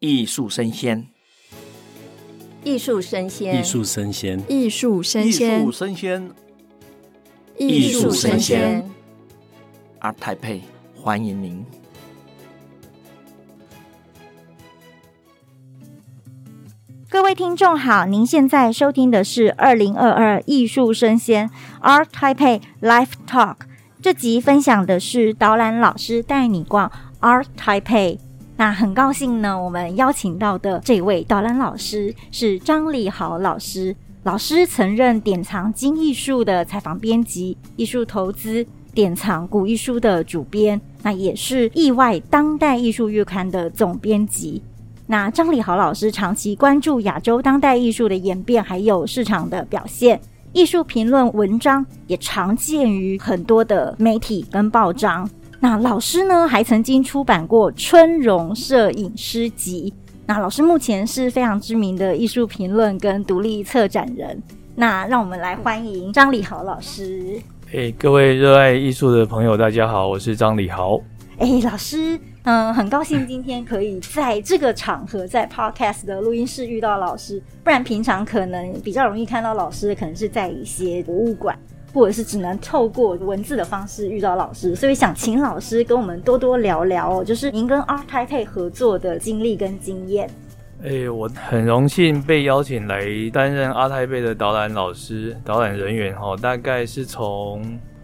藝術聲鮮，藝術聲鮮，藝術聲鮮，藝術聲鮮，藝術聲鮮。Art Taipei，歡迎您，各位聽眾好，您現在收聽的是二零二二藝術聲鮮 Art Taipei Live Talk。這集分享的是導覽老師帶你逛 Art Taipei。那很高興呢，我們邀請到的這位導覽老師是張禮豪老師。老師曾任《典藏今藝術》的採訪編輯，《藝術投資典藏古藝術》的主編，那也是《意外當代藝術月刊》的總編輯。那張禮豪老師長期關注亞洲當代藝術的演變還有市場的表現，藝術評論文章也常見於很多的媒體跟報章。那老師呢，還曾經出版過《春榮攝影詩集》。那老師目前是非常知名的藝術評論跟獨立策展人。那讓我們來歡迎張禮豪老師。欸、各位熱愛藝術的朋友，大家好，我是張禮豪。哎、欸，老師，嗯，很高興今天可以在這個場合， 在 Podcast 的錄音室遇到老師，不然平常可能比較容易看到老師，可能是在一些博物館。我也是只能透過文字的方式遇到老師，所以想請老師跟我們多多聊聊，哦，就是您跟阿泰貝合作的經歷跟經驗。哎、欸，我很榮幸被邀請來擔任阿泰貝的導覽老師、導覽人員哈、哦，大概是從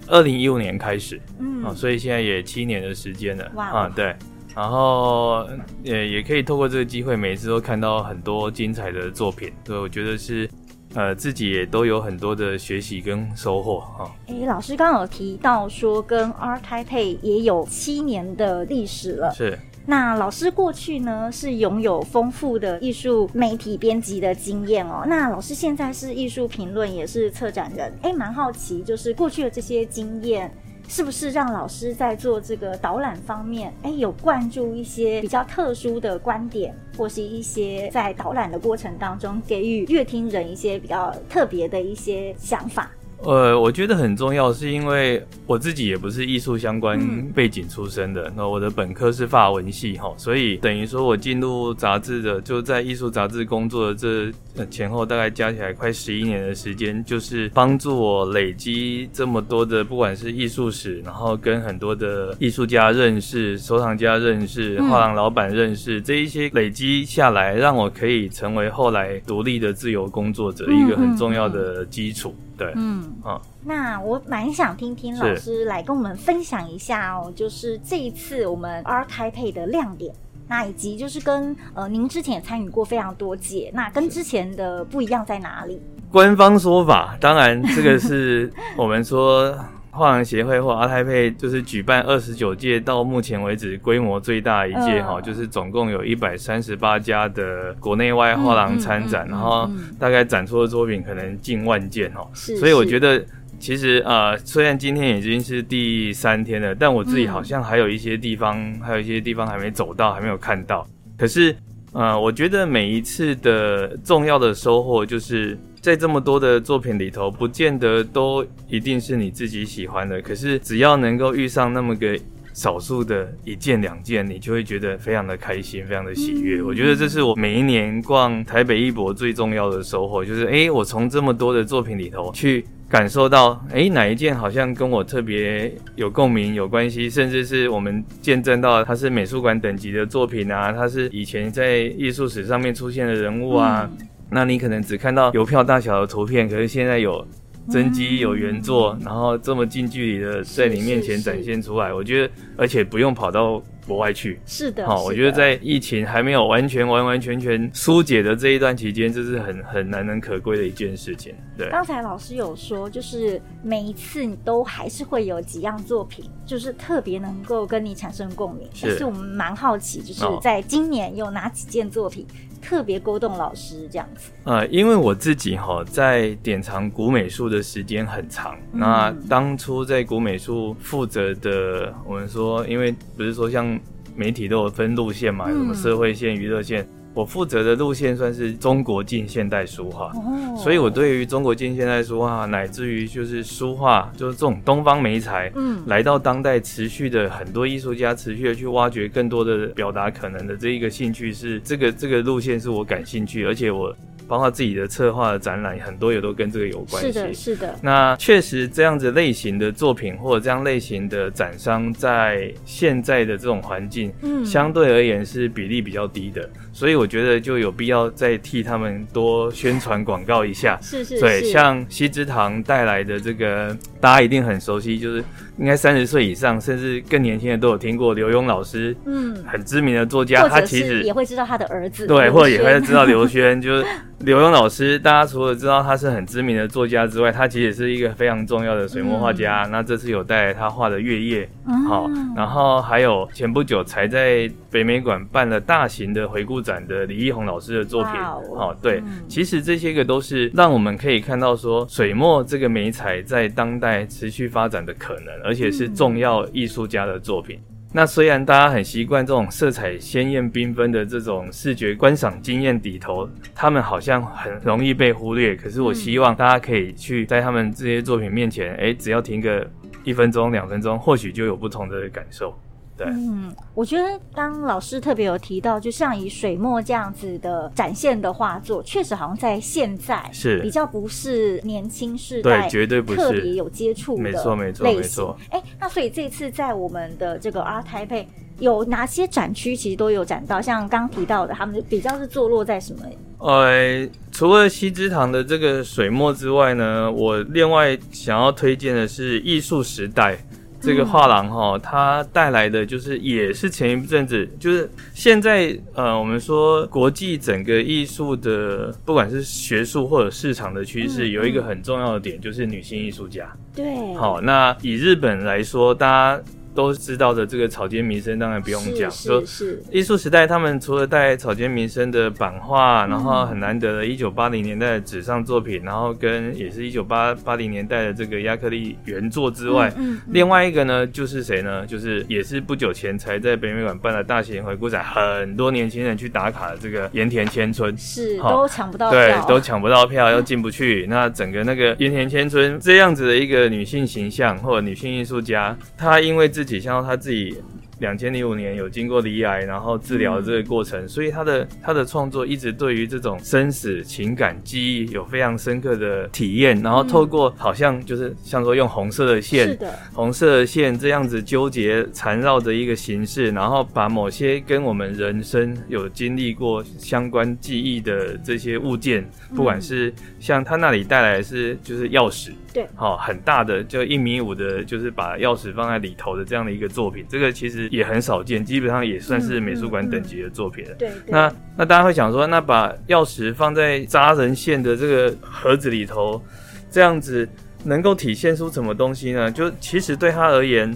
二零一五年開始，嗯，啊、哦，所以現在也七年的時間了哇，啊，對，然後也、欸、也可以透過這個機會，每一次都看到很多精彩的作品，對，我覺得是。呃，自己也都有很多的學習跟收穫哈、哦欸。老師剛剛有提到說，跟 Art Taipei 也有七年的歷史了。是，那老師過去呢是擁有豐富的藝術媒體編輯的經驗哦。那老師現在是藝術評論，也是策展人。哎、欸，蠻好奇，就是過去的這些經驗。是不是讓老師在做這個導覽方面，哎，有灌注一些比較特殊的觀點，或是一些在導覽的過程當中給予樂聽人一些比較特別的一些想法？呃，我覺得很重要，是因為我自己也不是藝術相關背景出身的。那、嗯、我的本科是法文系，所以等於說我進入雜誌的，就在藝術雜誌工作的這前後大概加起來快十一年的時間，就是幫助我累積這麼多的，不管是藝術史，然後跟很多的藝術家認識、收藏家認識、畫廊老板認識，這一些累積下來，讓我可以成為後來獨立的自由工作者，一個很重要的基礎。對，嗯、哦、那我蠻想聽聽老師來跟我們分享一下哦，是就是這一次我們 ART TAIPEI 的亮點，那以及就是跟呃您之前也參與過非常多屆，那跟之前的不一樣在哪裡？官方說法，當然這個是我們說。 畫廊協會或阿太佩就是舉辦二十九屆，到目前為止規模最大一屆哈、呃，就是總共有一百三十八家的國內外畫廊參展，嗯嗯嗯嗯嗯，然後大概展出的作品可能近萬件哈，所以我覺得其實啊、呃，雖然今天已經是第三天了，但我自己好像還有一些地方，嗯、還有一些地方還沒走到，還沒有看到。可是呃，我覺得每一次的重要的收穫就是。在這麼多的作品裡頭，不見得都一定是你自己喜歡的。可是只要能夠遇上那麼個少數的一件兩件，你就會覺得非常的開心，非常的喜悅。我覺得這是我每一年逛台北藝博最重要的收穫，就是誒，我從這麼多的作品裡頭去感受到，誒，哪一件好像跟我特別有共鳴、有關係，甚至是我們見證到它是美術館等級的作品啊，它是以前在藝術史上面出現的人物啊。嗯那你可能只看到郵票大小的圖片，可是現在有真跡，嗯、有原作、嗯，然後這麼近距離的在你面前展現出來，我覺得，而且不用跑到國外去。是的，好、哦，我覺得在疫情還沒有完全完完全全疏解的這一段期間，這是很很難能可貴的一件事情。對，剛才老師有說，就是每一次你都還是會有幾樣作品，就是特別能夠跟你產生共鳴。是，是我們蠻好奇，就是在今年有哪幾件作品。哦特別勾動老師這樣子，呃，因為我自己吼在典藏古美術的時間很長、嗯，那當初在古美術負責的，我們說，因為不是說像媒體都有分路線嘛，有什麼社會線、娛樂線、嗯。我負責的路線算是中國近現代書畫，所以我對於中國近現代書畫，乃至於就是書畫，就是這種東方媒材，嗯，來到當代持續的很多藝術家持續的去挖掘更多的表達可能的這一個興趣是這個這個路線是我感興趣，而且我包括自己的策劃的展覽很多也都跟這個有關係，是的，是的。那確實這樣子類型的作品或者這樣類型的展商在現在的這種環境，嗯，相對而言是比例比較低的。所以我覺得就有必要再替他們多宣傳廣告一下。是是，對，像西之堂帶來的這個，大家一定很熟悉，就是應該三十歲以上甚至更年輕的都有聽過劉墉老師，嗯，很知名的作家。嗯、他其實也會知道他的兒子。對，或者也會知道劉軒， 就是劉墉老師。大家除了知道他是很知名的作家之外，他其實也是一個非常重要的水墨畫家、嗯。那這次有帶來他畫的《月夜》，嗯，好，然後還有前不久才在北美館辦了大型的回顧。展的李義弘老師的作品，wow. 哦，對、嗯，其實這些個都是讓我們可以看到說水墨這個媒材在當代持續發展的可能，而且是重要藝術家的作品、嗯。那雖然大家很習慣這種色彩鮮豔繽紛的這種視覺觀賞經驗底頭，他們好像很容易被忽略，可是我希望大家可以去在他們這些作品面前，誒、嗯欸，只要停個一分鐘、兩分鐘，或許就有不同的感受。對。嗯，我覺得剛剛老師特別有提到，就像以水墨這樣子的展現的畫作，確實好像在現在是比較不是年輕世代對，絕對不是特別有接觸。沒錯沒錯沒錯。哎，那所以這次在我們的這個 ART TAIPEI 有哪些展區其實都有展到，像剛提到的，他們比較是坐落在什麼？呃，除了西之堂的這個水墨之外呢，我另外想要推薦的是藝術時代。這個畫廊哈、哦，它帶來的就是也是前一陣子，就是現在呃，我們說國際整個藝術的，不管是學術或者市場的趨勢，嗯、有一個很重要的點就是女性藝術家。對，好，那以日本來說，大家。都知道的這個草間彌生當然不用講，說是藝術時代他們除了帶草間彌生的版畫、嗯，然後很難得的一九八零年代的紙上作品，然後跟也是一九八八零年代的這個亞克力原作之外，嗯嗯嗯、另外一個呢就是誰呢？就是也是不久前才在北美館辦了大型回顧展，很多年輕人去打卡的這個鹽田千春，是、哦、都搶不到票，對，都搶不到票，又進不去、嗯。那整個那個鹽田千春這樣子的一個女性形象或者女性藝術家，她因為自己自己像他自己，兩千零五年有經過罹癌，然後治療這個過程，嗯、所以他的他的創作一直對於這種生死情感記憶有非常深刻的體驗，然後透過好像就是像說用紅色的線，嗯、是的紅色的線這樣子糾結纏繞着一個形式，然後把某些跟我們人生有經歷過相關記憶的這些物件，嗯、不管是像他那裡帶來的是就是鑰匙。對，好、哦，很大的，就一米五的，就是把鑰匙放在裡頭的這樣的一個作品，這個其實也很少見，基本上也算是美術館等級的作品了、嗯嗯嗯。對，那那大家會想說，那把鑰匙放在扎人線的這個盒子裡頭，這樣子能夠體現出什麼東西呢？就其實對他而言，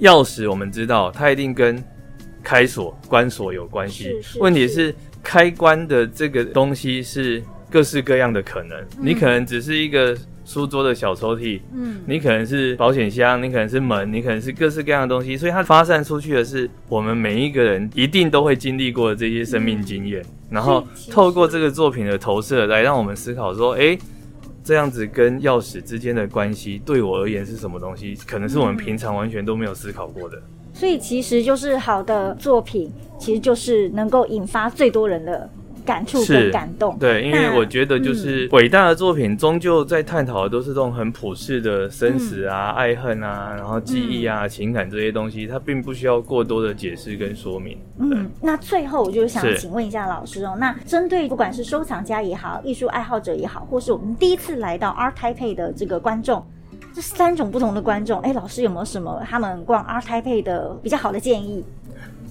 鑰匙我們知道，它一定跟開鎖、關鎖有關係。是是。問題是開關的這個東西是各式各樣的可能，嗯、你可能只是一個。書桌的小抽屜，嗯，你可能是保險箱，你可能是門，你可能是各式各樣的東西，所以它發散出去的是我們每一個人一定都會經歷過的這些生命經驗，嗯，然後透過這個作品的投射來讓我們思考說，誒，這樣子跟鑰匙之間的關係對我而言是什麼東西？可能是我們平常完全都沒有思考過的。嗯，所以其實就是好的作品，其實就是能夠引發最多人的。感觸跟感動，對，因為我覺得就是偉大的作品，終、嗯、究在探討的都是這種很普世的生死啊、嗯、愛恨啊，然後記憶啊、嗯、情感這些東西，它並不需要過多的解釋跟說明。嗯，那最後我就想請問一下老師哦、喔，那針對不管是收藏家也好，藝術愛好者也好，或是我們第一次來到 ART TAIPEI 的這個觀眾，這三種不同的觀眾，哎、欸，老師有沒有什麼他們逛 ART TAIPEI 的比較好的建議？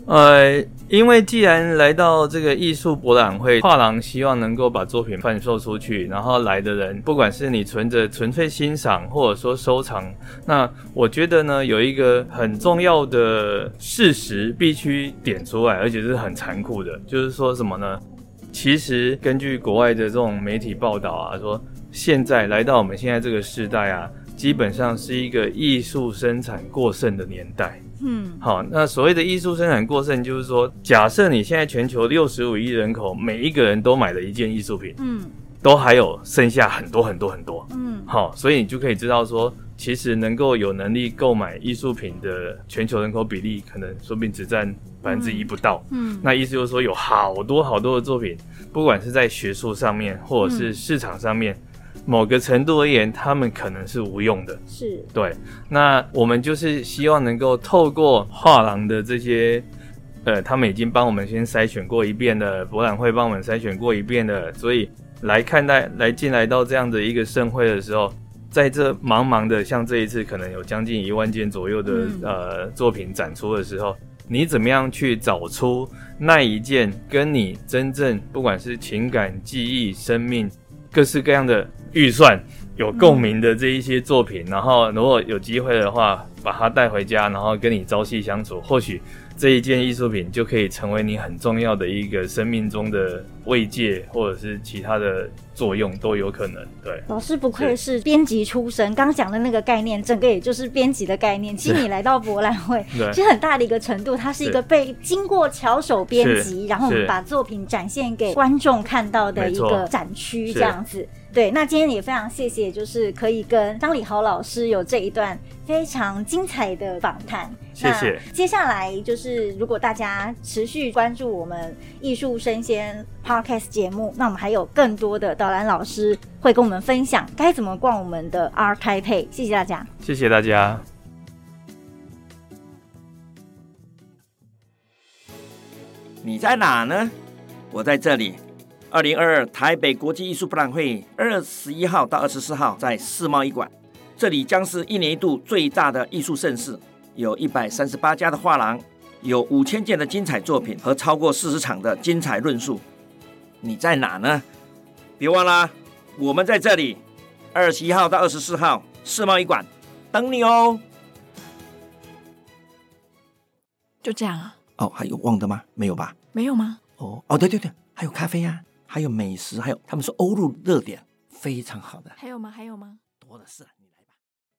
呃，因為既然來到這個藝術博覽會，畫廊希望能夠把作品販售出去，然後來的人，不管是你存着純粹欣賞，或者說收藏，那我覺得呢，有一個很重要的事實必須點出來，而且是很殘酷的，就是說什麼呢？其實根據國外的這種媒體報道啊，說現在來到我們現在這個時代啊，基本上是一個藝術生產過剩的年代。嗯，好，那所謂的藝術生產過剩，就是說，假設你現在全球六十五億人口，每一個人都買了一件藝術品，嗯，都還有剩下很多很多很多，嗯，好，所以你就可以知道說，其實能夠有能力購買藝術品的全球人口比例，可能說不定只占百分之一不到，嗯，嗯，那意思就是說，有好多好多的作品，不管是在學術上面，或者是市場上面，嗯。嗯某個程度而言，他們可能是無用的。是。對，那我們就是希望能夠透過畫廊的這些，呃，他們已經幫我們先篩選過一遍了，博覽會，幫我們篩選過一遍了，所以來看待來進來到這樣的一個盛會的時候，在這茫茫的像這一次可能有將近一萬件左右的、嗯、呃作品展出的時候，你怎麼樣去找出那一件跟你真正不管是情感、記憶、生命、各式各樣的。預算有共鳴的這一些作品，嗯，然後如果有機會的話，把它帶回家，然後跟你朝夕相處，或許這一件藝術品就可以成為你很重要的一個生命中的慰藉，或者是其他的作用都有可能。對，老師不愧是編輯出身，剛講的那個概念，整個也就是編輯的概念。其實你來到博覽會，其 實很大的一個程度，它是一個被經過巧手編輯，然後把作品展現給觀眾看到的一個展區這樣子。對，那今天也非常謝謝，就是可以跟張禮豪老師有這一段非常精彩的訪談。謝謝。接下來就是如果大家持續關注我們藝術聲鮮 podcast 節目，那我們還有更多的導覽老師會跟我們分享該怎麼逛我們的 ART TAIPEI。謝謝大家。謝謝大家。你在哪呢？我在這裡。二零二二台北國際藝術博覽會，二十一號到二十四號在世貿一館，這裡將是一年一度最大的藝術盛事，有一百三十八家的畫廊，有五千件的精彩作品和超過四十場的精彩論述。你在哪呢？別忘了，我們在這裡，二十一號到二十四號世貿一館等你哦。就這樣啊？哦，還有忘的嗎？沒有吧？沒有嗎？哦哦，對對對，還有咖啡呀、啊。還有美食，還有他們說歐陸熱點非常好的。還有嗎？還有嗎？多的是。